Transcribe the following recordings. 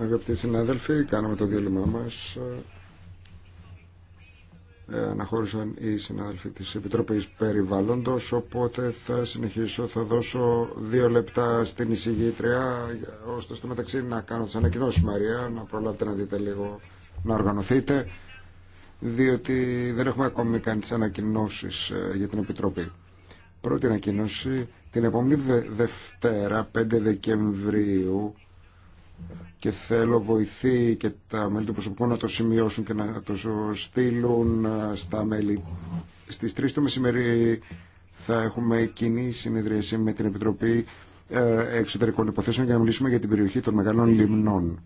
Αγαπητοί συνάδελφοι, κάναμε το διάλειμμα μας. Ε, αναχώρησαν οι συνάδελφοι της Επιτροπής Περιβάλλοντος, οπότε θα συνεχίσω, θα δώσω δύο λεπτά στην εισηγήτρια, ώστε στο μεταξύ να κάνω τις ανακοινώσεις Μαρία, να προλάβετε να δείτε λίγο, να οργανωθείτε, διότι δεν έχουμε ακόμη κάνει τις ανακοινώσεις ε, για την Επιτροπή. Πρώτη ανακοίνωση την επόμενη Δευτέρα, 5 Δεκεμβρίου και θέλω βοηθεί και τα μέλη του προσωπικού να το σημειώσουν και να το στείλουν ε, στα μέλη. Στις 3 το μεσημερί θα έχουμε κοινή συνεδρίαση με την Επιτροπή ε, Εξωτερικών Υποθέσεων για να μιλήσουμε για την περιοχή των Μεγάλων Λιμνών.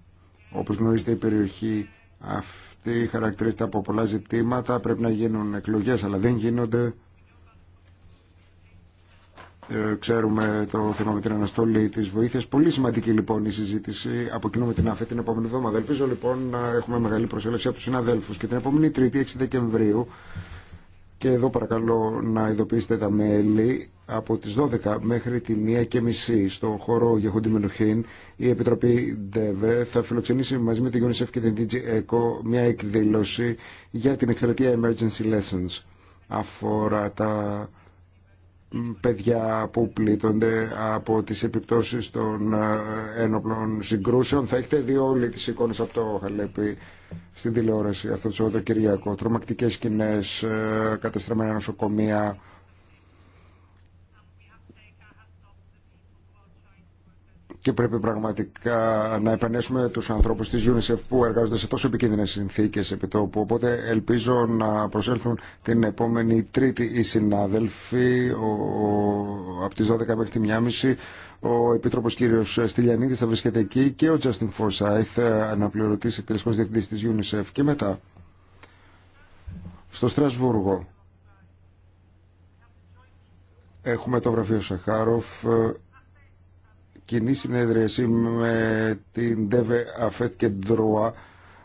Όπως γνωρίζετε η περιοχή αυτή χαρακτηρίζεται από πολλά ζητήματα, πρέπει να γίνουν εκλογές αλλά δεν γίνονται ε, ξέρουμε το θέμα με την αναστολή τη βοήθεια. Πολύ σημαντική λοιπόν η συζήτηση από κοινού με την ΑΦΕ την επόμενη εβδομάδα. Ελπίζω λοιπόν να έχουμε μεγάλη προσέλευση από του συναδέλφου. Και την επόμενη Τρίτη, 6 Δεκεμβρίου, και εδώ παρακαλώ να ειδοποιήσετε τα μέλη από τις 12 μέχρι τη 1.30 στο χώρο Γεχοντι Μελουχίν η Επιτροπή ΔΕΒΕ θα φιλοξενήσει μαζί με την UNICEF και την DG ECO μια εκδήλωση για την εκστρατεία Emergency Lessons αφορά τα παιδιά που πλήττονται από τις επιπτώσεις των ε, ένοπλων συγκρούσεων. Θα έχετε δει όλοι τις εικόνες από το Χαλέπι στην τηλεόραση αυτό το Κυριακό. Τρομακτικές σκηνές, ε, καταστραμμένα νοσοκομεία, και πρέπει πραγματικά να επενέσουμε τους ανθρώπους της UNICEF που εργάζονται σε τόσο επικίνδυνες συνθήκες επί τόπου. Οπότε ελπίζω να προσέλθουν την επόμενη τρίτη οι συνάδελφοι ο, ο, από τις 12 μέχρι τη 1.30 ο Επίτροπος κύριος Στυλιανίδης θα βρίσκεται εκεί και ο Justin Forsyth, ε, αναπληρωτής εκτελεσμός διευθυντής της UNICEF και μετά στο Στρασβούργο. Έχουμε το βραβείο Σαχάροφ ε, κοινή συνέδριαση με την ΔΕΒΕ ΑΦΕΤ και ΝΤΡΟΑ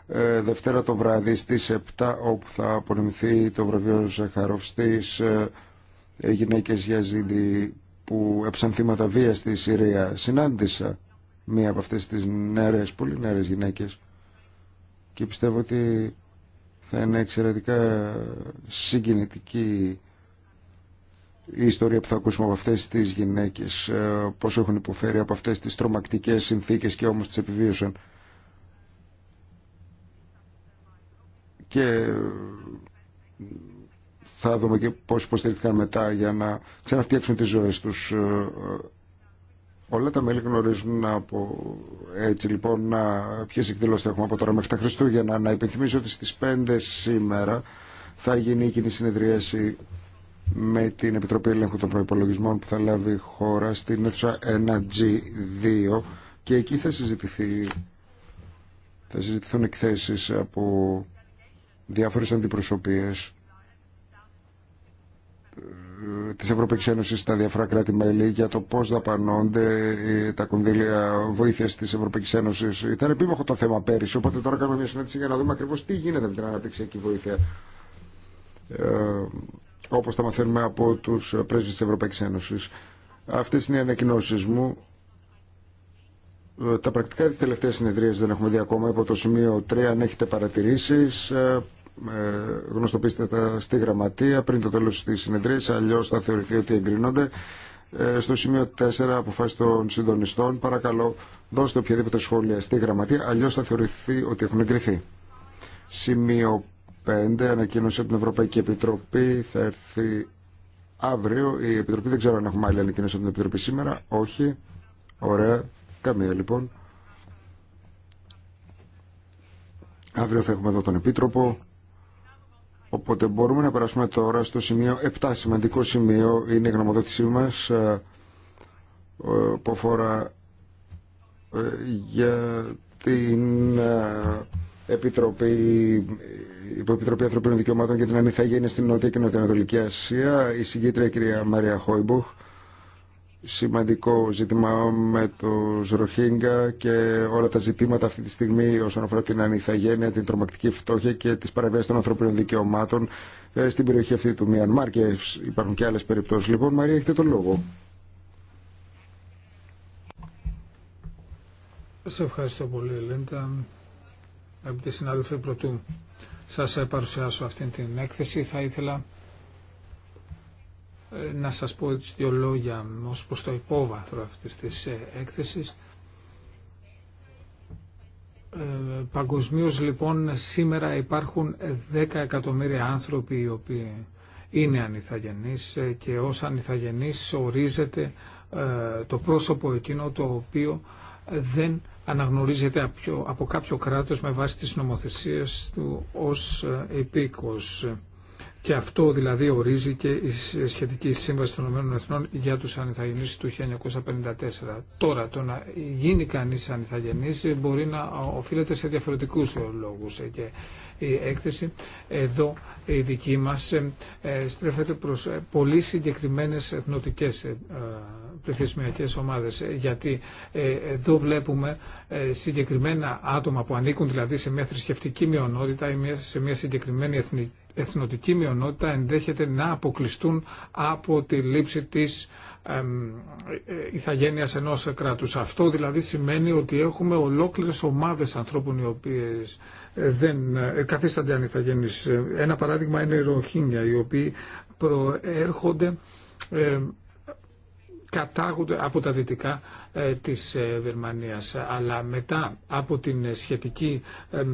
ε, Δευτέρα το βράδυ στις 7 όπου θα απονεμηθεί το βραβείο Ζαχαρόφ στις ε, ε, για ζήτη που έψαν θύματα βία στη Συρία. Συνάντησα μία από αυτές τις νεαρές, πολύ νεαρές γυναίκες και πιστεύω ότι θα είναι εξαιρετικά συγκινητική η ιστορία που θα ακούσουμε από αυτές τις γυναίκες, ε, πόσο έχουν υποφέρει από αυτές τις τρομακτικές συνθήκες και όμως τις επιβίωσαν. Και ε, θα δούμε και πώς υποστηρίχθηκαν μετά για να ξαναφτιάξουν τις ζωές τους. Ε, Όλα τα μέλη γνωρίζουν από έτσι λοιπόν να... ποιες εκδηλώσεις έχουμε από τώρα μέχρι τα Χριστούγεννα. Να υπενθυμίσω ότι στις 5 σήμερα θα γίνει η κοινή συνεδρίαση με την Επιτροπή Ελέγχου των προπολογισμών που θα λάβει η χώρα στην αίθουσα 1G2 και εκεί θα συζητηθεί θα συζητηθούν εκθέσεις από διάφορες αντιπροσωπείες ε, της Ευρωπαϊκής Ένωσης στα διάφορα κράτη-μέλη για το πώς δαπανώνται ε, τα κονδύλια βοήθειας της Ευρωπαϊκής Ένωσης. Ήταν επίμαχο το θέμα πέρυσι, οπότε τώρα κάνουμε μια συνάντηση για να δούμε ακριβώς τι γίνεται με την αναπτυξιακή βοήθεια. Ε, Όπω θα μαθαίνουμε από του πρέσβει τη Ευρωπαϊκή Ένωση. Αυτέ είναι οι ανακοινώσει μου. Ε, τα πρακτικά της τελευταίας συνεδρία δεν έχουμε δει ακόμα από το σημείο 3. Αν έχετε παρατηρήσει ε, ε, γνωστοποιήστε τα στη γραμματεία πριν το τέλο τη συνεδρία. Αλλιώ θα θεωρηθεί ότι εγκρίνονται. Στο σημείο 4, αποφάσει των συντονιστών, παρακαλώ δώστε οποιαδήποτε σχόλια στη γραμματεία, αλλιώ θα θεωρηθεί ότι έχουν εγκριθεί. Σημείο 25, ανακοίνωση από την Ευρωπαϊκή Επιτροπή, θα έρθει αύριο. Η Επιτροπή δεν ξέρω αν έχουμε άλλη ανακοίνωση από την Επιτροπή σήμερα. Όχι. Ωραία. Καμία λοιπόν. Αύριο θα έχουμε εδώ τον Επίτροπο. Οπότε μπορούμε να περάσουμε τώρα στο σημείο 7. Σημαντικό σημείο είναι η γνωμοδότησή μας ε, ε, που αφορά ε, για την Επιτροπή, Υποεπιτροπή Ανθρωπίνων Δικαιωμάτων για την Ανιθαγένεια στην Νότια και Νοτιοανατολική Ασία, η συγκίτρια κυρία Μαρία Χόιμπουχ. Σημαντικό ζήτημα με το Ροχίνγκα και όλα τα ζητήματα αυτή τη στιγμή όσον αφορά την ανιθαγένεια, την τρομακτική φτώχεια και τις παραβιάσεις των ανθρωπίνων δικαιωμάτων ε, στην περιοχή αυτή του Μιανμάρ και υπάρχουν και άλλες περιπτώσεις. Λοιπόν, Μαρία, έχετε τον λόγο. Σε ευχαριστώ πολύ, Ελέντα. Αγαπητοί συνάδελφοι, πρωτού σας ε, παρουσιάσω αυτή την έκθεση, θα ήθελα ε, να σας πω έτσι δύο λόγια ως προς το υπόβαθρο αυτής της ε, έκθεσης. Παγκοσμίω λοιπόν σήμερα υπάρχουν 10 εκατομμύρια άνθρωποι οι οποίοι είναι ανιθαγενείς και ως ανιθαγενείς ορίζεται το πρόσωπο εκείνο το οποίο δεν αναγνωρίζεται από κάποιο κράτος με βάση τις νομοθεσίες του ως ε, επίκος. Και αυτό δηλαδή ορίζει και η σχετική σύμβαση των ΗΕ για τους ανιθαγενείς του 1954. Τώρα, το να γίνει κανείς ανιθαγενής μπορεί να οφείλεται σε διαφορετικούς ε, λόγους. Ε, και η έκθεση εδώ η δική μας στρέφεται προς πολύ συγκεκριμένες εθνοτικές πληθυσμιακές ομάδες ε, γιατί ε, εδώ βλέπουμε ε, συγκεκριμένα άτομα που ανήκουν δηλαδή σε μια θρησκευτική μειονότητα ή σε μια συγκεκριμένη εθνοτική μειονότητα ενδέχεται να αποκλειστούν από τη λήψη της ε, ηθαγένειας ενός κράτους. Αυτό δηλαδή σημαίνει ότι έχουμε ολόκληρες ομάδες ανθρώπων οι οποίες δεν καθίστανται ανηθαγένεις. Ένα παράδειγμα είναι οι Ροχίνια, οι οποίοι προέρχονται κατάγονται από τα δυτικά ε, της ε, Βερμανίας. Αλλά μετά από την σχετική ε,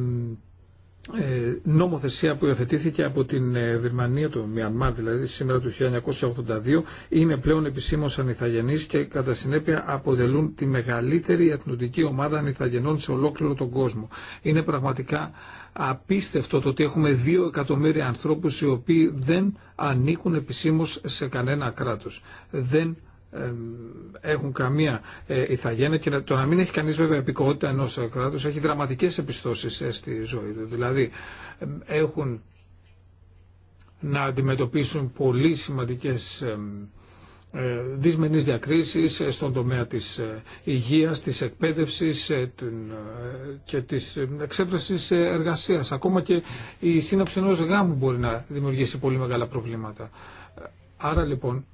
νομοθεσία που υιοθετήθηκε από την Βερμανία, το Μιανμάρ δηλαδή σήμερα του 1982 είναι πλέον επισήμως ανιθαγενείς και κατά συνέπεια αποτελούν τη μεγαλύτερη εθνοτική ομάδα ανιθαγενών σε ολόκληρο τον κόσμο. Είναι πραγματικά απίστευτο το ότι έχουμε δύο εκατομμύρια ανθρώπους οι οποίοι δεν ανήκουν επισήμως σε κανένα κράτος. Δεν έχουν καμία ε, ηθαγένεια και το να μην έχει κανείς βέβαια επικότητα ενός κράτους έχει δραματικές επιστώσεις ε, στη ζωή του. Δηλαδή έχουν να αντιμετωπίσουν πολύ σημαντικές ε, δυσμενείς διακρίσεις στον τομέα της υγείας, της εκπαίδευσης και της εξέπρασης εργασίας. Ακόμα και η σύναψη ενός γάμου μπορεί να δημιουργήσει πολύ μεγάλα προβλήματα. Άρα λοιπόν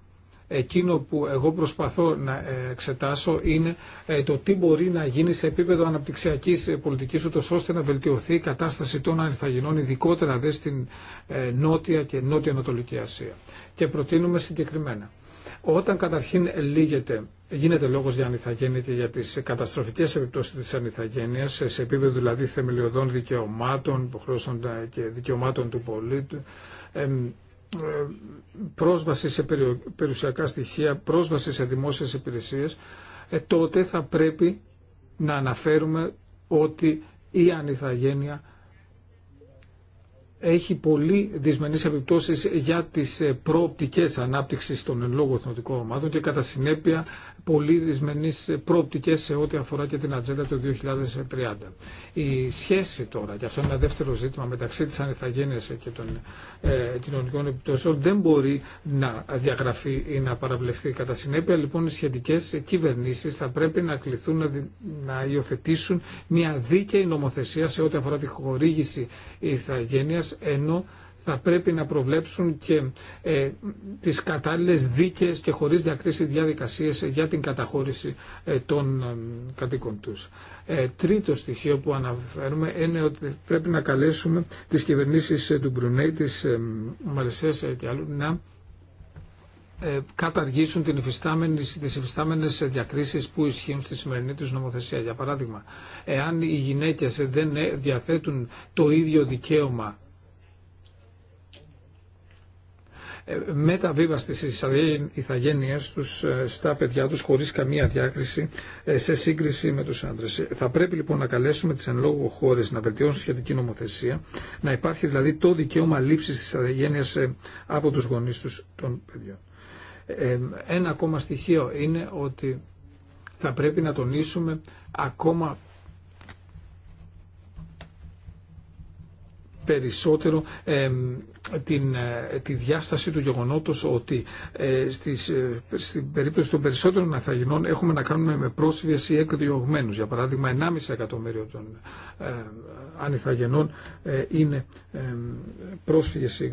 εκείνο που εγώ προσπαθώ να εξετάσω είναι ε, το τι μπορεί να γίνει σε επίπεδο αναπτυξιακής πολιτικής ώστε να βελτιωθεί η κατάσταση των ανηθαγενών ειδικότερα δε στην ε, Νότια και Νότια-Ανατολική Ασία. Και προτείνουμε συγκεκριμένα. Όταν καταρχήν λύγεται Γίνεται λόγος για ανηθαγένεια και για τις καταστροφικές επιπτώσεις της ανιθαγένειας σε επίπεδο δηλαδή θεμελιωδών δικαιωμάτων, υποχρεώσεων ε, και δικαιωμάτων του πολίτη, ε, πρόσβαση σε περιουσιακά στοιχεία, πρόσβαση σε δημόσιες υπηρεσίες, ε, τότε θα πρέπει να αναφέρουμε ότι η ανιθαγένεια έχει πολύ δυσμενείς επιπτώσεις για τις ε, προοπτικές ανάπτυξης των λόγω εθνοτικών ομάδων και κατά συνέπεια πολύ δυσμενείς ε, προοπτικές σε ό,τι αφορά και την ατζέντα του 2030. Η σχέση τώρα, και αυτό είναι ένα δεύτερο ζήτημα μεταξύ της ανεθαγένειας και των ε, κοινωνικών επιπτώσεων, δεν μπορεί να διαγραφεί ή να παραβλεφθεί. Κατά συνέπεια λοιπόν οι σχετικές κυβερνήσεις θα πρέπει να κληθούν να, να υιοθετήσουν μια δίκαιη νομοθεσία σε ό,τι αφορά τη χορήγηση ηθαγένειας ενώ θα πρέπει να προβλέψουν και ε, τις κατάλληλες δίκαιες και χωρίς διακρίσεις διαδικασίες για την καταχώρηση ε, των ε, κατοίκων τους. Ε, τρίτο στοιχείο που αναφέρουμε είναι ότι πρέπει να καλέσουμε τις κυβερνήσεις του Μπρουνέη, της ε, και άλλων να καταργήσουν την υφιστάμενη, τις υφιστάμενες διακρίσεις που ισχύουν στη σημερινή τους νομοθεσία. Για παράδειγμα, εάν οι γυναίκες δεν διαθέτουν το ίδιο δικαίωμα μεταβίβαση στις ηθαγένειές τους ε, στα παιδιά τους χωρίς καμία διάκριση ε, σε σύγκριση με τους άντρες. Θα πρέπει λοιπόν να καλέσουμε τις εν λόγω χώρες να βελτιώσουν σχετική νομοθεσία, να υπάρχει δηλαδή το δικαίωμα λήψης της ηθαγένειας ε, από τους γονείς τους των παιδιών. Ένα ακόμα στοιχείο είναι ότι θα πρέπει να τονίσουμε ακόμα περισσότερο την, ε, τη διάσταση του γεγονότος ότι ε, στις, ε, στην περίπτωση των περισσότερων Αθαγινών έχουμε να κάνουμε με πρόσφυγες ή εκδιωγμένους. Για παράδειγμα, 1,5 εκατομμύριο των ε, ανιθαγενών είναι ε, πρόσφυγες ή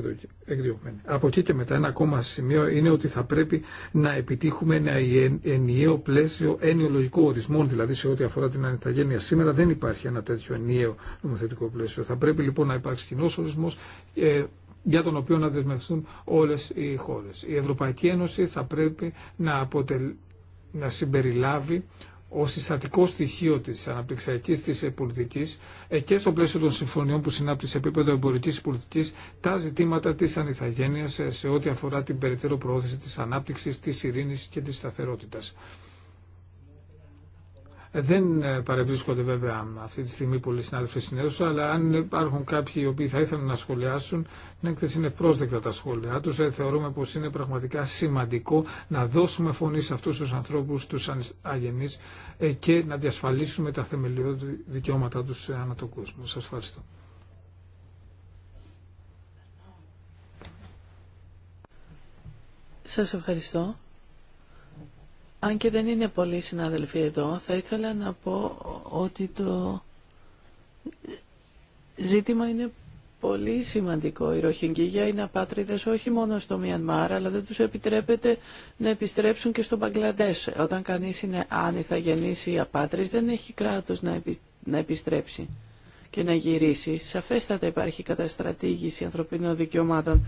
εκδιωγμένοι. Από εκεί και μετά ένα ακόμα σημείο είναι ότι θα πρέπει να επιτύχουμε ένα ενιαίο πλαίσιο ενιολογικό ορισμό, δηλαδή σε ό,τι αφορά την ανιθαγένεια. Σήμερα δεν υπάρχει ένα τέτοιο ενιαίο νομοθετικό πλαίσιο. Θα πρέπει λοιπόν να υπάρξει κοινό ορισμό ε, για τον οποίο να δεσμευθούν όλες οι χώρες. Η Ευρωπαϊκή Ένωση θα πρέπει να, να συμπεριλάβει ω συστατικό στοιχείο τη αναπτυξιακή τη πολιτική ε, και στο πλαίσιο των συμφωνιών που συνάπτει σε επίπεδο εμπορική πολιτική τα ζητήματα τη ανηθαγένεια ε, σε ό,τι αφορά την περαιτέρω προώθηση τη ανάπτυξη, τη ειρήνη και τη σταθερότητα. Δεν ε, παρευρίσκονται βέβαια αυτή τη στιγμή πολλοί συνάδελφοι στην αλλά αν υπάρχουν κάποιοι οι οποίοι θα ήθελαν να σχολιάσουν, την έκθεση είναι πρόσδεκτα τα σχόλιά του. Ε, θεωρούμε πω είναι πραγματικά σημαντικό να δώσουμε φωνή σε αυτού του ανθρώπου, του αγενεί, ε, και να διασφαλίσουμε τα θεμελιώδη δικαιώματά του ανά τον κόσμο. Σα ευχαριστώ. Σας ευχαριστώ. Αν και δεν είναι πολλοί συνάδελφοι εδώ, θα ήθελα να πω ότι το ζήτημα είναι πολύ σημαντικό. Οι Ροχιγκίγια είναι απάτριδες όχι μόνο στο Μιανμάρ, αλλά δεν τους επιτρέπεται να επιστρέψουν και στο Μπαγκλαντές. Όταν κανείς είναι άνηθα γεννήσει ή απάτρις, δεν έχει κράτος να, να επιστρέψει και να γυρίσει. Σαφέστατα υπάρχει καταστρατήγηση ανθρωπίνων δικαιωμάτων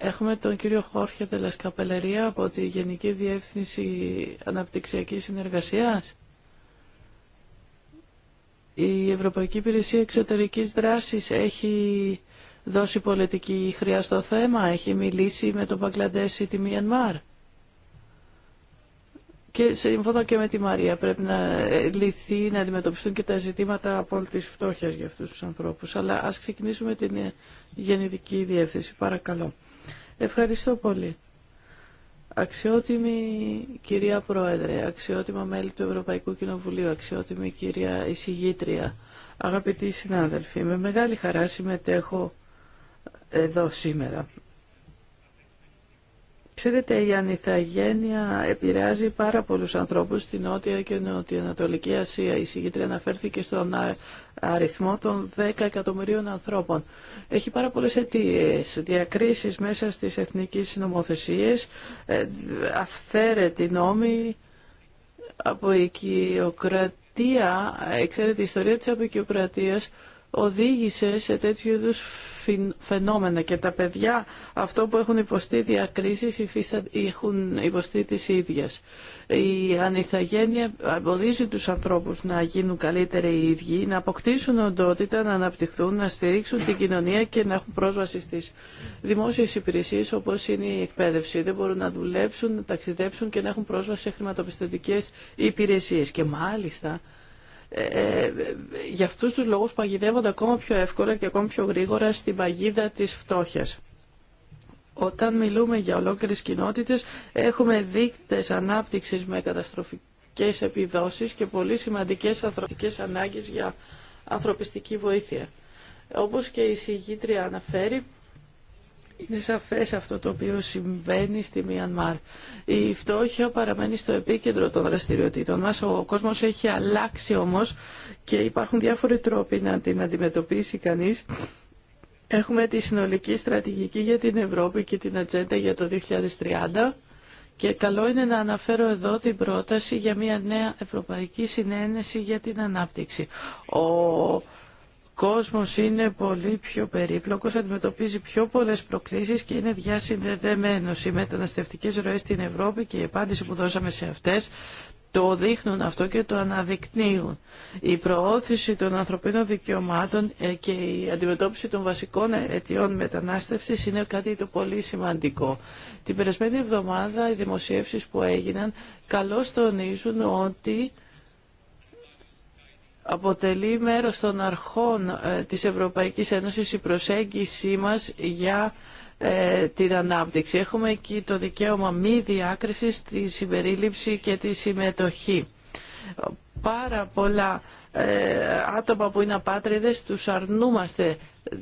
Έχουμε τον κύριο Χόρχε Τελασκαπελερία από τη Γενική Διεύθυνση Αναπτυξιακής Συνεργασίας. Η Ευρωπαϊκή Υπηρεσία Εξωτερικής Δράσης έχει δώσει πολιτική χρειά στο θέμα, έχει μιλήσει με τον Παγκλαντές ή τη Μιανμάρ. Και συμφωνώ και με τη Μαρία, πρέπει να ε, λυθεί, να αντιμετωπιστούν και τα ζητήματα απόλυτης φτώχεια για αυτούς τους ανθρώπους. Αλλά ας ξεκινήσουμε την ε, γενική διεύθυνση, παρακαλώ. Ευχαριστώ πολύ. Αξιότιμη κυρία Πρόεδρε, αξιότιμα μέλη του Ευρωπαϊκού Κοινοβουλίου, αξιότιμη κυρία εισηγήτρια, αγαπητοί συνάδελφοι, με μεγάλη χαρά συμμετέχω εδώ σήμερα. Ξέρετε, η ανιθαγένεια επηρεάζει πάρα πολλούς ανθρώπους στην Νότια και Ανατολική Ασία. Η συγκήτρια αναφέρθηκε στον αριθμό των 10 εκατομμυρίων ανθρώπων. Έχει πάρα πολλές αιτίε, διακρίσεις μέσα στις εθνικές νομοθεσίες, ε, αυθαίρετη νόμη από οικειοκρατία. Ε, ξέρετε, η ιστορία της αποικιοκρατίας οδήγησε σε τέτοιου είδου φαινόμενα και τα παιδιά αυτό που έχουν υποστεί διακρίσεις έχουν υποστεί τις ίδιες. Η ανιθαγένεια εμποδίζει τους ανθρώπους να γίνουν καλύτεροι οι ίδιοι, να αποκτήσουν οντότητα, να αναπτυχθούν, να στηρίξουν την κοινωνία και να έχουν πρόσβαση στις δημόσιες υπηρεσίες όπως είναι η εκπαίδευση. Δεν μπορούν να δουλέψουν, να ταξιδέψουν και να έχουν πρόσβαση σε χρηματοπιστωτικές υπηρεσίες. Και μάλιστα ε, ε, για αυτούς τους λόγους παγιδεύονται ακόμα πιο εύκολα και ακόμα πιο γρήγορα στην παγίδα της φτώχειας. Όταν μιλούμε για ολόκληρες κοινότητες έχουμε δείκτες ανάπτυξης με καταστροφικές επιδόσεις και πολύ σημαντικές ανθρωπιστικές ανάγκες για ανθρωπιστική βοήθεια. Όπως και η συγγήτρια αναφέρει, είναι σαφέ αυτό το οποίο συμβαίνει στη Μιανμάρ. Η φτώχεια παραμένει στο επίκεντρο των δραστηριοτήτων μα. Ο κόσμος έχει αλλάξει όμως και υπάρχουν διάφοροι τρόποι να την αντιμετωπίσει κανείς. Έχουμε τη συνολική στρατηγική για την Ευρώπη και την ατζέντα για το 2030. Και καλό είναι να αναφέρω εδώ την πρόταση για μια νέα Ευρωπαϊκή Συνένεση για την Ανάπτυξη κόσμος είναι πολύ πιο περίπλοκος, αντιμετωπίζει πιο πολλές προκλήσεις και είναι διασυνδεδεμένος. Οι μεταναστευτικές ροές στην Ευρώπη και η απάντηση που δώσαμε σε αυτές το δείχνουν αυτό και το αναδεικνύουν. Η προώθηση των ανθρωπίνων δικαιωμάτων ε, και η αντιμετώπιση των βασικών αιτιών μετανάστευσης είναι κάτι το πολύ σημαντικό. Την περασμένη εβδομάδα οι δημοσίευσεις που έγιναν καλώς τονίζουν ότι Αποτελεί μέρος των αρχών ε, της Ευρωπαϊκής Ένωσης η προσέγγιση μας για ε, την ανάπτυξη. Έχουμε εκεί το δικαίωμα μη διάκρισης, τη συμπερίληψη και τη συμμετοχή. Πάρα πολλά ε, άτομα που είναι απάτριδες τους αρνούμαστε,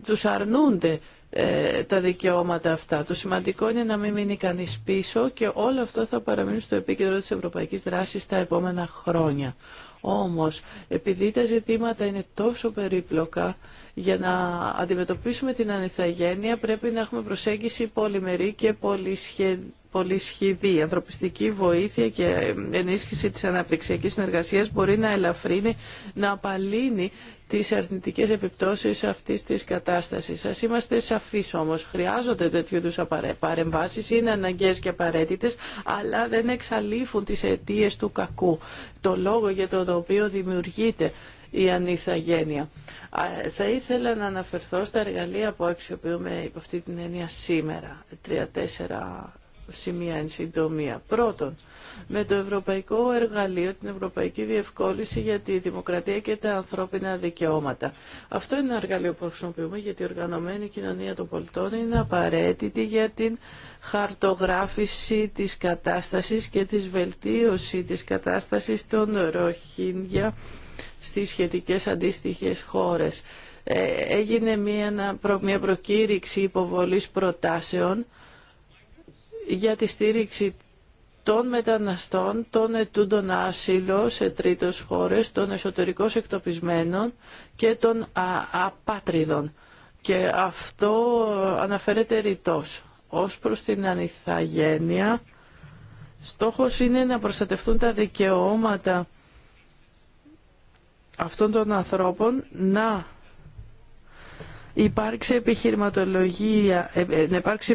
τους αρνούνται ε, τα δικαιώματα αυτά. Το σημαντικό είναι να μην μείνει κανείς πίσω και όλο αυτό θα παραμείνει στο επίκεντρο της ευρωπαϊκής δράσης τα επόμενα χρόνια. Όμως, επειδή τα ζητήματα είναι τόσο περίπλοκα, για να αντιμετωπίσουμε την ανεθαγένεια πρέπει να έχουμε προσέγγιση πολυμερή και πολυσχεδή. Ανθρωπιστική βοήθεια και ενίσχυση της αναπτυξιακής συνεργασίας μπορεί να ελαφρύνει, να απαλύνει τις αρνητικές επιπτώσεις αυτής της κατάστασης. Ας είμαστε σαφείς όμως, χρειάζονται τέτοιου είδους παρεμβάσεις, είναι αναγκαίες και απαραίτητες, αλλά δεν εξαλείφουν τις αιτίες του κακού, το λόγο για το οποίο δημιουργείται η ανηθαγένεια. Θα ήθελα να αναφερθώ στα εργαλεία που αξιοποιούμε υπό αυτή την έννοια σήμερα. Τρία-τέσσερα σημεία εν συντομία. Πρώτον, με το Ευρωπαϊκό Εργαλείο, την Ευρωπαϊκή Διευκόλυνση για τη Δημοκρατία και τα Ανθρώπινα Δικαιώματα. Αυτό είναι ένα εργαλείο που χρησιμοποιούμε γιατί η οργανωμένη κοινωνία των πολιτών είναι απαραίτητη για την χαρτογράφηση της κατάστασης και της βελτίωση της κατάστασης των Ροχίνγκια στις σχετικές αντίστοιχες χώρες. Ε, έγινε μια, μια προκήρυξη υποβολής προτάσεων για τη στήριξη των μεταναστών, των ετούντων άσυλο σε τρίτες χώρες, των εσωτερικώς εκτοπισμένων και των απάτριδων. Και αυτό αναφέρεται ρητός. Ως προς την ανιθαγένεια, στόχος είναι να προστατευτούν τα δικαιώματα αυτών των ανθρώπων να ε, ε, να υπάρξει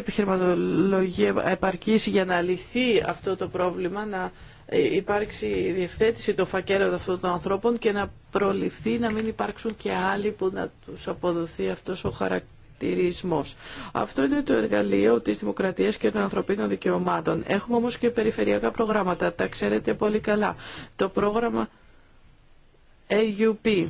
επιχειρηματολογία επαρκής για να λυθεί αυτό το πρόβλημα, να ε, υπάρξει διευθέτηση των φακέλων αυτών των ανθρώπων και να προληφθεί να μην υπάρξουν και άλλοι που να τους αποδοθεί αυτός ο χαρακτηρισμός. Αυτό είναι το εργαλείο της δημοκρατίας και των ανθρωπίνων δικαιωμάτων. Έχουμε όμως και περιφερειακά προγράμματα, τα ξέρετε πολύ καλά. Το πρόγραμμα AUP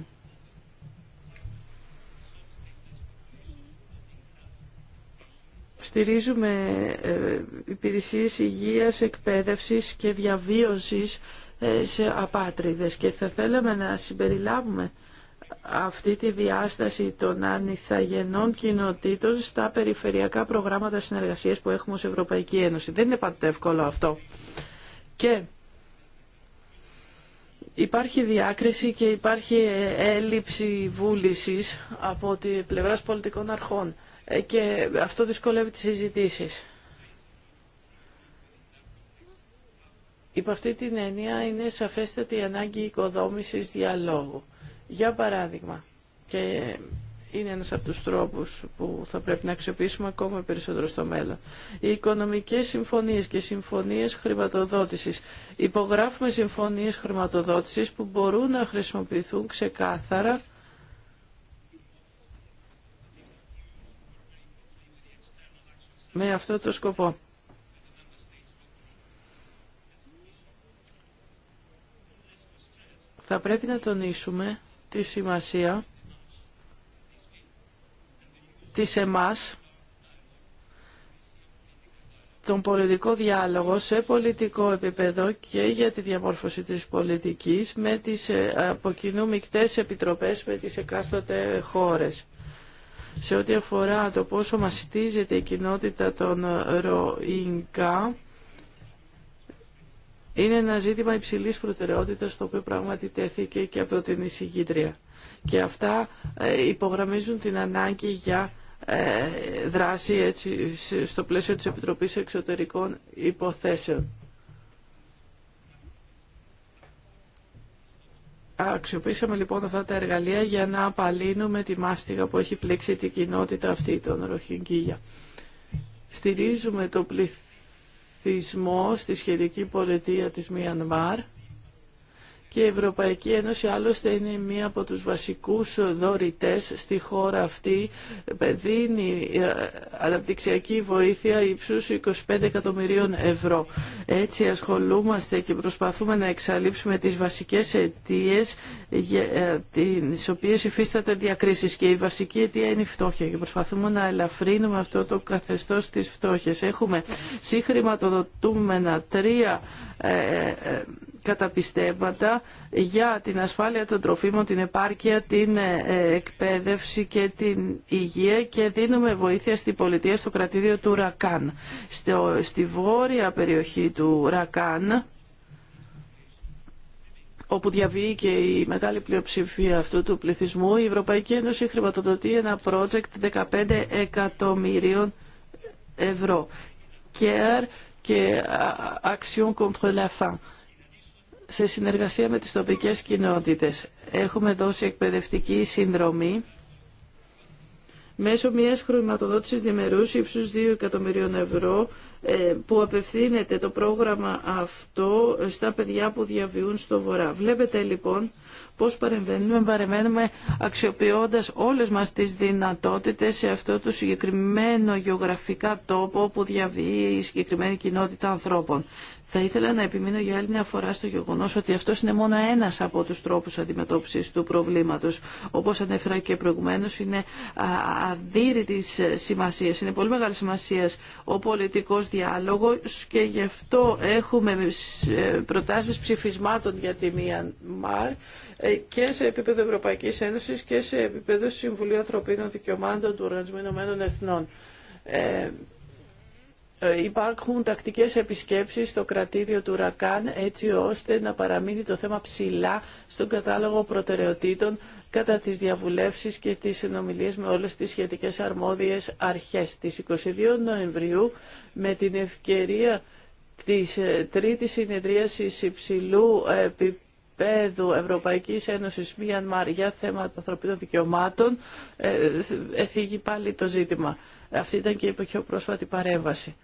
Στηρίζουμε ε, υπηρεσίες υγείας, εκπαίδευσης και διαβίωσης ε, σε απάτριδες και θα θέλαμε να συμπεριλάβουμε αυτή τη διάσταση των ανιθαγενών κοινοτήτων στα περιφερειακά προγράμματα συνεργασίας που έχουμε ως Ευρωπαϊκή Ένωση. Δεν είναι πάντοτε εύκολο αυτό. Και υπάρχει διάκριση και υπάρχει ε, έλλειψη βούλησης από τη πλευράς πολιτικών αρχών και αυτό δυσκολεύει τις συζητήσεις. Υπ' αυτή την έννοια είναι σαφέστατη η ανάγκη οικοδόμησης διαλόγου. Για παράδειγμα, και είναι ένας από τους τρόπους που θα πρέπει να αξιοποιήσουμε ακόμα περισσότερο στο μέλλον. Οι οικονομικές συμφωνίες και συμφωνίες χρηματοδότησης. Υπογράφουμε συμφωνίες χρηματοδότησης που μπορούν να χρησιμοποιηθούν ξεκάθαρα με αυτό το σκοπό. Θα πρέπει να τονίσουμε τη σημασία της εμάς τον πολιτικό διάλογο σε πολιτικό επίπεδο και για τη διαμόρφωση της πολιτικής με τις ε, από κοινού επιτροπές με τις εκάστοτε χώρες σε ό,τι αφορά το πόσο μαστίζεται η κοινότητα των ροϊνκά, είναι ένα ζήτημα υψηλής προτεραιότητας, το οποίο πράγματι τέθηκε και από την εισηγήτρια. Και αυτά ε, υπογραμμίζουν την ανάγκη για ε, δράση έτσι, στο πλαίσιο της Επιτροπής Εξωτερικών Υποθέσεων. Αξιοποιήσαμε λοιπόν αυτά τα εργαλεία για να απαλύνουμε τη μάστιγα που έχει πλέξει την κοινότητα αυτή των Ροχιγκίγια. Στηρίζουμε το πληθυσμό στη σχετική πολιτεία της Μιανμάρ και η Ευρωπαϊκή Ένωση άλλωστε είναι μία από τους βασικούς δωρητές στη χώρα αυτή. Δίνει ε, αναπτυξιακή βοήθεια ύψους 25 εκατομμυρίων ευρώ. Έτσι ασχολούμαστε και προσπαθούμε να εξαλείψουμε τις βασικές αιτίες ε, τις οποίες υφίσταται διακρίσεις και η βασική αιτία είναι η φτώχεια και προσπαθούμε να ελαφρύνουμε αυτό το καθεστώς της φτώχειας. Έχουμε συγχρηματοδοτούμενα τρία ε, ε καταπιστέματα για την ασφάλεια των τροφίμων, την επάρκεια, την ε, εκπαίδευση και την υγεία και δίνουμε βοήθεια στην πολιτεία στο κρατήριο του Ρακάν. Στο, στη βόρεια περιοχή του Ρακάν, όπου διαβεί και η μεγάλη πλειοψηφία αυτού του πληθυσμού, η Ευρωπαϊκή Ένωση χρηματοδοτεί ένα project 15 εκατομμυρίων ευρώ. Care και Action contre la faim σε συνεργασία με τις τοπικές κοινότητες. Έχουμε δώσει εκπαιδευτική συνδρομή μέσω μιας χρηματοδότησης διμερούς ύψους 2 εκατομμυρίων ευρώ ε, που απευθύνεται το πρόγραμμα αυτό στα παιδιά που διαβιούν στο Βορρά. Βλέπετε λοιπόν πώς παρεμβαίνουμε, παρεμβαίνουμε αξιοποιώντας όλες μας τις δυνατότητες σε αυτό το συγκεκριμένο γεωγραφικά τόπο που διαβεί η συγκεκριμένη κοινότητα ανθρώπων. Θα ήθελα να επιμείνω για άλλη μια φορά στο γεγονό ότι αυτό είναι μόνο ένα από του τρόπου αντιμετώπιση του προβλήματο. Όπω ανέφερα και προηγουμένω, είναι αδύρυτη σημασία, είναι πολύ μεγάλη σημασία ο πολιτικό διάλογο και γι' αυτό έχουμε ε, προτάσει ψηφισμάτων για τη Μιανμάρ ε, και σε επίπεδο Ευρωπαϊκή Ένωση και σε επίπεδο Συμβουλίου Ανθρωπίνων Δικαιωμάτων του Οργανισμού Εθνών. Ε, ε, υπάρχουν τακτικές επισκέψεις στο κρατήδιο του Ρακάν έτσι ώστε να παραμείνει το θέμα ψηλά στον κατάλογο προτεραιοτήτων κατά τις διαβουλεύσεις και τις συνομιλίες με όλες τις σχετικές αρμόδιες αρχές. Της 22 Νοεμβρίου με την ευκαιρία της ε, τρίτης συνεδρίασης υψηλού επίπεδου Ευρωπαϊκής Ένωσης Μιανμάρ για θέματα ανθρωπίνων δικαιωμάτων ε, εθίγει πάλι το ζήτημα. Αυτή ήταν και η πιο πρόσφατη παρέμβαση.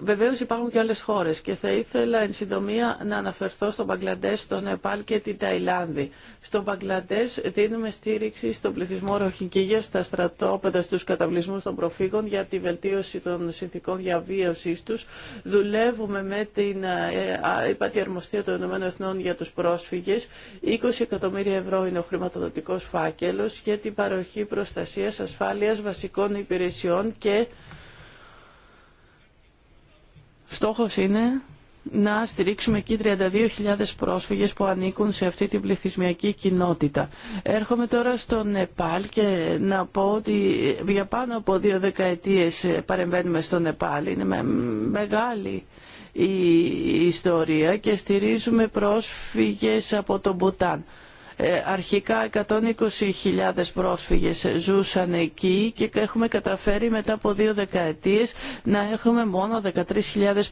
Βεβαίω, υπάρχουν και άλλε χώρε, και θα ήθελα εν συντομία να αναφερθώ στον Παγκλαντέ, στο Νεπάλ και την Ταϊλάνδη. Στον Παγκλαντέ δίνουμε στήριξη στον πληθυσμό για στα στρατόπεδα, στου καταβλισμού των προφύγων για τη βελτίωση των συνθήκων διαβίωσή του. Δουλεύουμε με την ε, υπάτη των ΗΕ για του πρόσφυγε, 20 εκατομμύρια ευρώ είναι ο χρηματοδοτικό φάκελο για την παροχή προστασία, ασφάλεια, βασικών υπηρεσιών και Στόχος είναι να στηρίξουμε εκεί 32.000 πρόσφυγες που ανήκουν σε αυτή την πληθυσμιακή κοινότητα. Έρχομαι τώρα στο Νεπάλ και να πω ότι για πάνω από δύο δεκαετίες παρεμβαίνουμε στο Νεπάλ. Είναι με μεγάλη η ιστορία και στηρίζουμε πρόσφυγες από τον Μπουτάν. Ε, αρχικά 120.000 πρόσφυγες ζούσαν εκεί και έχουμε καταφέρει μετά από δύο δεκαετίες να έχουμε μόνο 13.000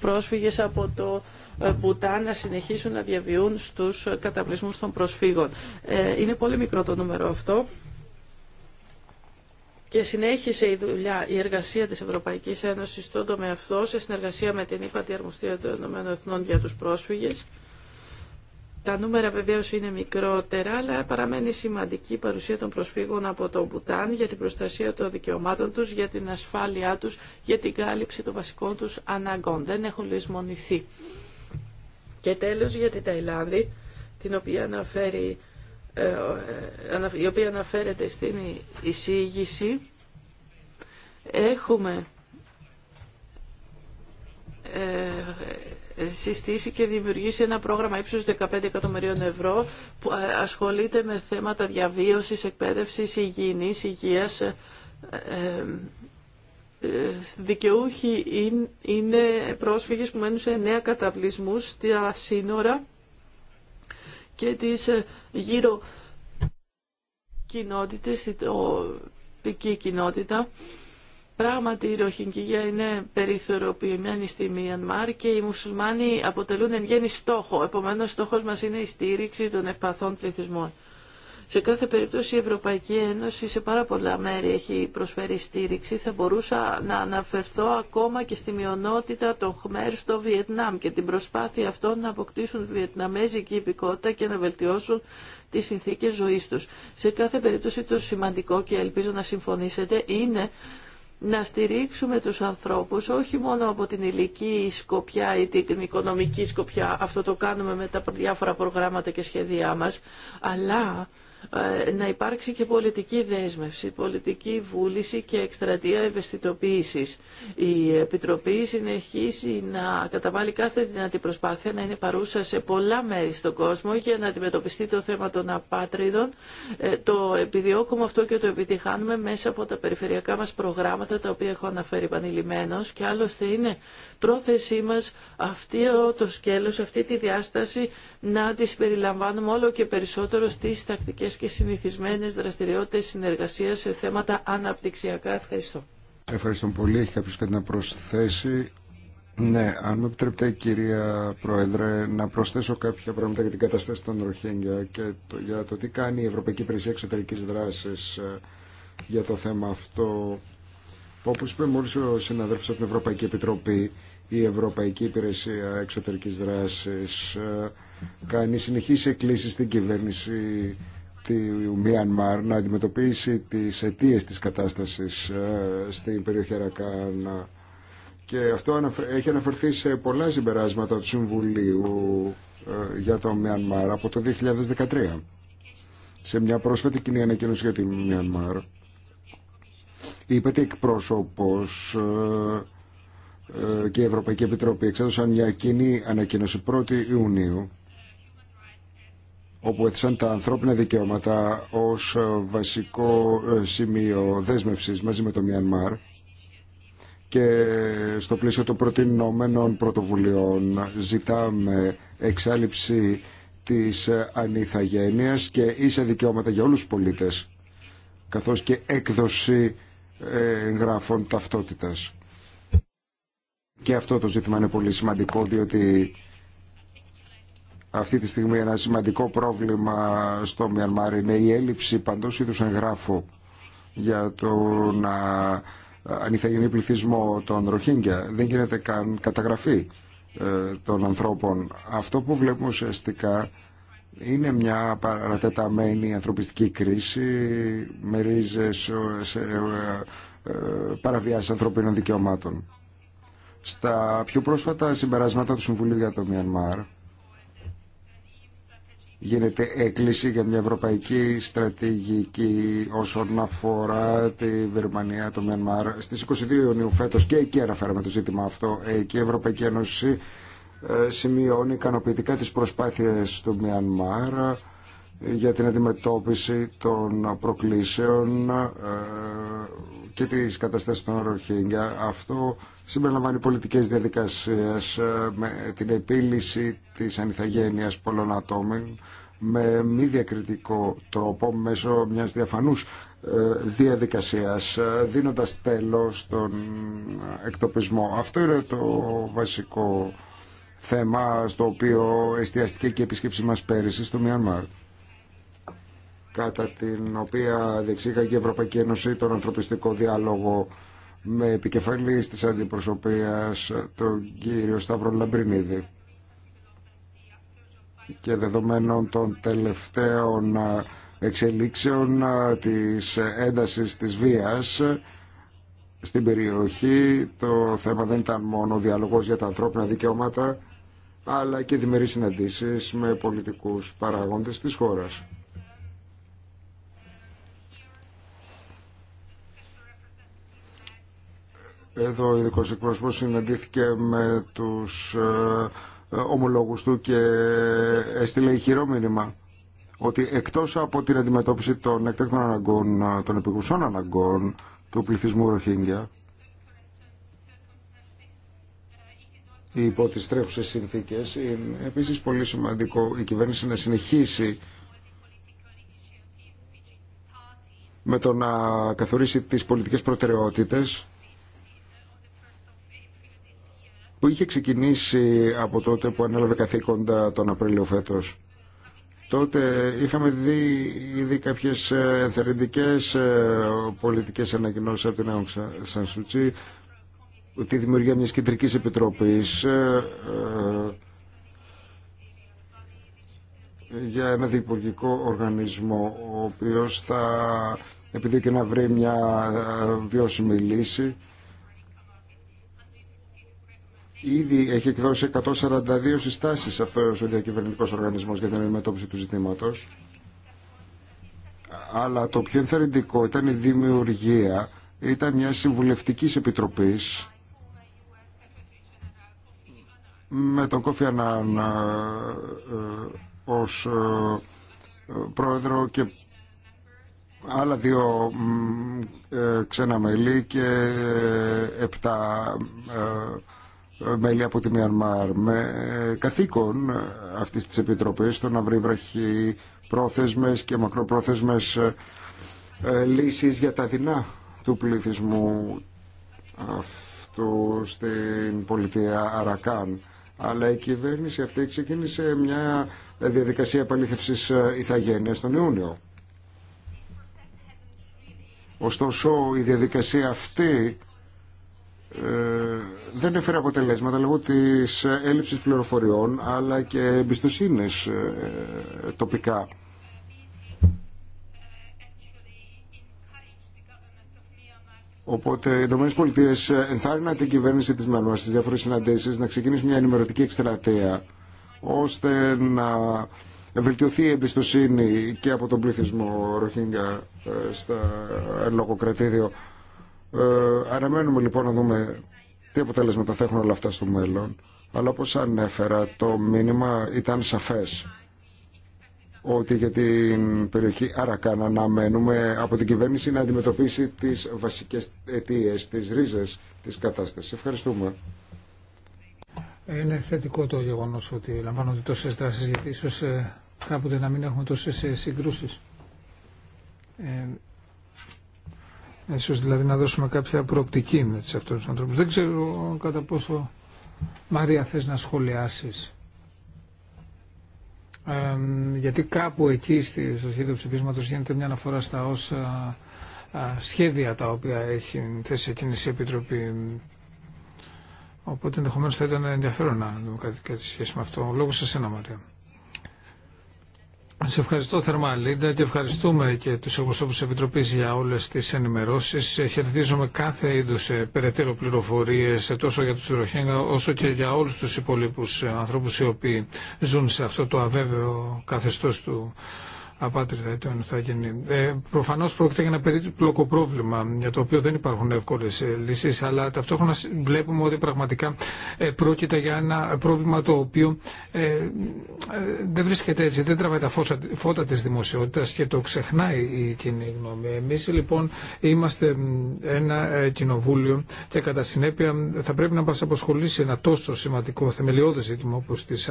πρόσφυγες από το ε, Πουτά να συνεχίσουν να διαβιούν στους καταπλησμούς των προσφύγων. Ε, είναι πολύ μικρό το νούμερο αυτό και συνέχισε η δουλειά, η εργασία της Ευρωπαϊκής Ένωσης στον τομέα αυτό σε συνεργασία με την ΥΠΑΤΗ Αρμοστία των ΗΠΑ για τους πρόσφυγες. Τα νούμερα βεβαίω είναι μικρότερα, αλλά παραμένει σημαντική η παρουσία των προσφύγων από το Μπουτάν για την προστασία των δικαιωμάτων τους, για την ασφάλειά τους, για την κάλυψη των βασικών τους αναγκών. Δεν έχουν λησμονηθεί. Και τέλος για την Ταϊλάνδη, την οποία αναφέρει, ε, ε, η οποία αναφέρεται στην εισήγηση, έχουμε ε, συστήσει και δημιουργήσει ένα πρόγραμμα ύψους 15 εκατομμυρίων ευρώ που ασχολείται με θέματα διαβίωσης, εκπαίδευσης, υγιεινής, υγείας. Ε, ε, ε, δικαιούχοι είναι πρόσφυγες που μένουν σε νέα καταβλισμούς στα σύνορα και τις γύρω κοινότητες, την τοπική κοινότητα. Πράγματι η Ροχινγκία είναι περίθωροποιημένη στη Μιανμάρ και οι μουσουλμάνοι αποτελούν εν γέννη στόχο. Επομένως στόχος μας είναι η στήριξη των ευπαθών πληθυσμών. Σε κάθε περίπτωση η Ευρωπαϊκή Ένωση σε πάρα πολλά μέρη έχει προσφέρει στήριξη. Θα μπορούσα να αναφερθώ ακόμα και στη μειονότητα των Χμέρ στο Βιετνάμ και την προσπάθεια αυτών να αποκτήσουν βιετναμέζικη υπηκότητα και να βελτιώσουν τις συνθήκε ζωή του. Σε κάθε περίπτωση το σημαντικό και ελπίζω να συμφωνήσετε είναι να στηρίξουμε τους ανθρώπους όχι μόνο από την ηλική σκοπιά ή την οικονομική σκοπιά, αυτό το κάνουμε με τα διάφορα προγράμματα και σχέδιά μας, αλλά ε, να υπάρξει και πολιτική δέσμευση, πολιτική βούληση και εκστρατεία ευαισθητοποίησης. Η Επιτροπή συνεχίζει να καταβάλει κάθε δυνατή προσπάθεια να είναι παρούσα σε πολλά μέρη στον κόσμο για να αντιμετωπιστεί το θέμα των απάτριδων. Ε, το επιδιώκουμε αυτό και το επιτυχάνουμε μέσα από τα περιφερειακά μας προγράμματα τα οποία έχω αναφέρει επανειλημμένως και άλλωστε είναι πρόθεσή μας αυτή το σκέλος, αυτή τη διάσταση να τη περιλαμβάνουμε όλο και περισσότερο στις τακτικές και συνηθισμένες δραστηριότητες συνεργασία σε θέματα αναπτυξιακά. Ευχαριστώ. Ευχαριστώ πολύ. Έχει κάποιος κάτι να προσθέσει. Ναι, αν με επιτρέπετε κυρία Πρόεδρε να προσθέσω κάποια πράγματα για την κατάσταση των Ροχέγγια και το, για το τι κάνει η Ευρωπαϊκή Υπηρεσία Εξωτερικής Δράσης ε, για το θέμα αυτό. Όπως είπε μόλις ο συναδέλφος από την Ευρωπαϊκή Επιτροπή, η Ευρωπαϊκή Υπηρεσία Εξωτερική δράση ε, κάνει συνεχίσει εκκλήσεις στην κυβέρνηση του Μιανμάρ να αντιμετωπίσει τις αιτίες της κατάστασης ε, στην περιοχή Ρακάν και αυτό έχει αναφερθεί σε πολλά συμπεράσματα του Συμβουλίου ε, για το Μιανμάρ από το 2013 σε μια πρόσφατη κοινή ανακοίνωση για τη Μιανμάρ είπε ότι εκπρόσωπος ε, και η Ευρωπαϊκή Επιτροπή εξέδωσαν μια κοινή ανακοίνωση 1η Ιουνίου όπου έθεσαν τα ανθρώπινα δικαιώματα ως ε, βασικό ε, σημείο δέσμευσης μαζί με το Μιανμάρ και στο πλαίσιο των προτινόμενων πρωτοβουλειών ζητάμε εξάλληψη της ε, ανηθαγένειας και ίσα δικαιώματα για όλους τους πολίτες καθώς και έκδοση εγγράφων ταυτότητας. Και αυτό το ζήτημα είναι πολύ σημαντικό διότι αυτή τη στιγμή ένα σημαντικό πρόβλημα στο Μιανμάρ είναι η έλλειψη παντός είδους εγγράφου για τον ανιθαγενή πληθυσμό των Ροχίνγκια. Δεν γίνεται καν καταγραφή ε, των ανθρώπων. Αυτό που βλέπουμε ουσιαστικά είναι μια παρατεταμένη ανθρωπιστική κρίση με ρίζες ε, σε ε, ανθρωπίνων δικαιωμάτων. Στα πιο πρόσφατα συμπεράσματα του Συμβουλίου για το Μιανμάρ γίνεται έκκληση για μια ευρωπαϊκή στρατηγική όσον αφορά τη Βερμανία, το Μιανμάρ. Στις 22 Ιουνίου φέτος και εκεί αναφέραμε το ζήτημα αυτό. Εκεί η Ευρωπαϊκή Ένωση ε, σημειώνει ικανοποιητικά τις προσπάθειες του Μιανμάρ ε, για την αντιμετώπιση των προκλήσεων ε, και τις καταστάσεις των Ροχίνγκια. Αυτό συμπεριλαμβάνει πολιτικές διαδικασίες ε, με την επίλυση της ανιθαγένειας πολλών ατόμων με μη διακριτικό τρόπο μέσω μιας διαφανούς ε, διαδικασίας ε, δίνοντας τέλος στον εκτοπισμό. Αυτό είναι το βασικό θέμα στο οποίο εστιαστήκε και η επίσκεψη μας πέρυσι στο Μιανμάρ κατά την οποία διεξήγαγε η Ευρωπαϊκή Ένωση τον ανθρωπιστικό διάλογο με επικεφαλής της αντιπροσωπείας τον κύριο Σταύρο Λαμπρινίδη και δεδομένων των τελευταίων εξελίξεων της έντασης της βίας στην περιοχή το θέμα δεν ήταν μόνο διαλογός για τα ανθρώπινα δικαιώματα αλλά και διμερείς συναντήσεις με πολιτικούς παράγοντες της χώρας. Εδώ ο ειδικό εκπρόσωπο συναντήθηκε με του ε, ε, ομολόγους του και έστειλε ηχηρό μήνυμα ότι εκτός από την αντιμετώπιση των εκτέκτων αναγκών, ε, των επικουσών αναγκών του πληθυσμού Ροχίνγκια, οι υπό τις συνθήκες, είναι επίσης πολύ σημαντικό η κυβέρνηση να συνεχίσει με το να καθορίσει τις πολιτικές προτεραιότητες που είχε ξεκινήσει από τότε που ανέλαβε καθήκοντα τον Απρίλιο φέτος. Τότε είχαμε δει ήδη κάποιες πολιτικέ ε, ε, πολιτικές ανακοινώσεις από την Άουνγκ Σανσούτσι, τη δημιουργία μιας κεντρικής επιτροπής ε, για ένα διπουργικό οργανισμό ο οποίος θα επιδίκει να βρει μια βιώσιμη λύση Ήδη έχει εκδώσει 142 συστάσεις αυτό ο διακυβερνητικός οργανισμός για την αντιμετώπιση του ζητήματος. Αλλά το πιο ενθαρρυντικό ήταν η δημιουργία, ήταν μια συμβουλευτική επιτροπής με τον Κόφι Ανάν ε, ως ε, πρόεδρο και άλλα δύο ε, ξένα μελή και επτά μέλη από τη Μιανμάρ με ε, καθήκον αυτής της Επιτροπής το να βρει βραχή πρόθεσμες και μακροπρόθεσμες ε, ε, λύσεις για τα δεινά του πληθυσμού αυτού στην πολιτεία Αρακάν. Αλλά η κυβέρνηση αυτή ξεκίνησε μια διαδικασία επαλήθευσης ηθαγένειας τον Ιούνιο. Ωστόσο η διαδικασία αυτή δεν έφερε αποτελέσματα λόγω τη ε, έλλειψης πληροφοριών αλλά και εμπιστοσύνη ε, τοπικά. Οπότε οι ΗΠΑ ε, ενθάρρυναν την κυβέρνηση τη Μιανμάρ στι διάφορες συναντήσεις να ξεκινήσει μια ενημερωτική εκστρατεία ώστε να βελτιωθεί η εμπιστοσύνη και από τον πληθυσμό Ροχίνγκα στα λόγω αναμένουμε λοιπόν να δούμε τι αποτέλεσματα θα έχουν όλα αυτά στο μέλλον. Αλλά όπως ανέφερα, το μήνυμα ήταν σαφές ότι για την περιοχή Αρακάν να από την κυβέρνηση να αντιμετωπίσει τις βασικές αιτίες, τις ρίζες της κατάστασης. Ευχαριστούμε. Είναι θετικό το γεγονός ότι λαμβάνονται τόσες δράσεις γιατί ίσως ε, κάποτε να μην έχουμε τόσες ε, συγκρούσεις. Ε, Ίσως δηλαδή να δώσουμε κάποια προοπτική σε αυτούς τους ανθρώπους. Δεν ξέρω κατά πόσο, Μαρία, θες να σχολιάσεις. γιατί κάπου εκεί στη, στο σχέδιο ψηφίσματο γίνεται μια αναφορά στα όσα σχέδια τα οποία έχει θέσει εκείνη η Επιτροπή. Οπότε ενδεχομένω θα ήταν ενδιαφέρον να δούμε κάτι, κάτι σχέση με αυτό. Λόγω σε εσένα, Μαρία. Σε ευχαριστώ θερμά, Λίντα, και ευχαριστούμε και του εκπροσώπου τη Επιτροπή για όλε τι ενημερώσει. Ε, χαιρετίζομαι κάθε είδου ε, περαιτέρω πληροφορίε ε, τόσο για του Ροχέγγα όσο και για όλου του υπολείπου ανθρώπου οι οποίοι ζουν σε αυτό το αβέβαιο καθεστώ του απάτριδα ή το ενθαγενή. Ε, προφανώς πρόκειται για ένα περίπλοκο πρόβλημα για το οποίο δεν υπάρχουν εύκολε λύσει, αλλά ταυτόχρονα βλέπουμε ότι πραγματικά ε, πρόκειται για ένα πρόβλημα το οποίο ε, ε δεν βρίσκεται έτσι, δεν τραβάει τα φώτα, φώτα της δημοσιότητας και το ξεχνάει η κοινή γνώμη. Εμεί, λοιπόν είμαστε ένα ε, κοινοβούλιο και κατά συνέπεια θα πρέπει να μα απασχολήσει ένα τόσο σημαντικό θεμελιώδη ζήτημα όπως τις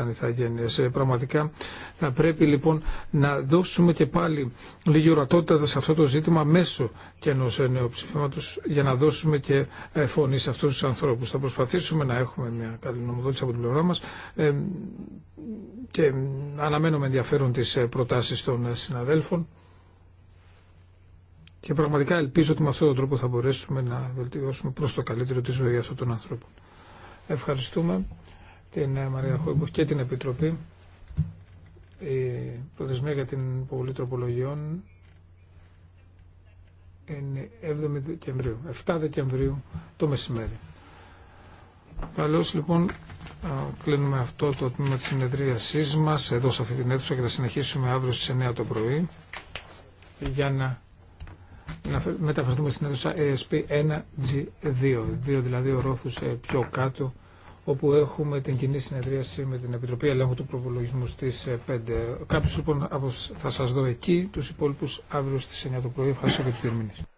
Ε, Πραγματικά θα πρέπει λοιπόν να δώσουμε δώσουμε και πάλι λίγη ορατότητα σε αυτό το ζήτημα μέσω και ενό νέου ψηφίματο για να δώσουμε και ε, φωνή σε αυτού του ανθρώπου. Θα προσπαθήσουμε να έχουμε μια καλή νομοδότηση από την πλευρά μα ε, και αναμένω με ενδιαφέρον τι ε, προτάσει των συναδέλφων. Και πραγματικά ελπίζω ότι με αυτόν τον τρόπο θα μπορέσουμε να βελτιώσουμε προ το καλύτερο τη ζωή αυτών των ανθρώπων. Ευχαριστούμε την Μαρία Χόιμπο και την Επιτροπή η προθεσμία για την υποβολή τροπολογιών είναι 7 Δεκεμβρίου, 7 Δεκεμβρίου το μεσημέρι. Καλώς λοιπόν κλείνουμε αυτό το τμήμα της συνεδρίασής μας εδώ σε αυτή την αίθουσα και θα συνεχίσουμε αύριο στις 9 το πρωί για να, να μεταφερθούμε στην αίθουσα ESP 1G2, 2 δηλαδή ορόφους ε, πιο κάτω όπου έχουμε την κοινή συνεδρίαση με την Επιτροπή Ελέγχου του Προπολογισμού στι 5. Ε, Κάποιους λοιπόν θα σα δω εκεί, του υπόλοιπου αύριο στι 9 το πρωί. Ευχαριστώ και του διερμηνείς.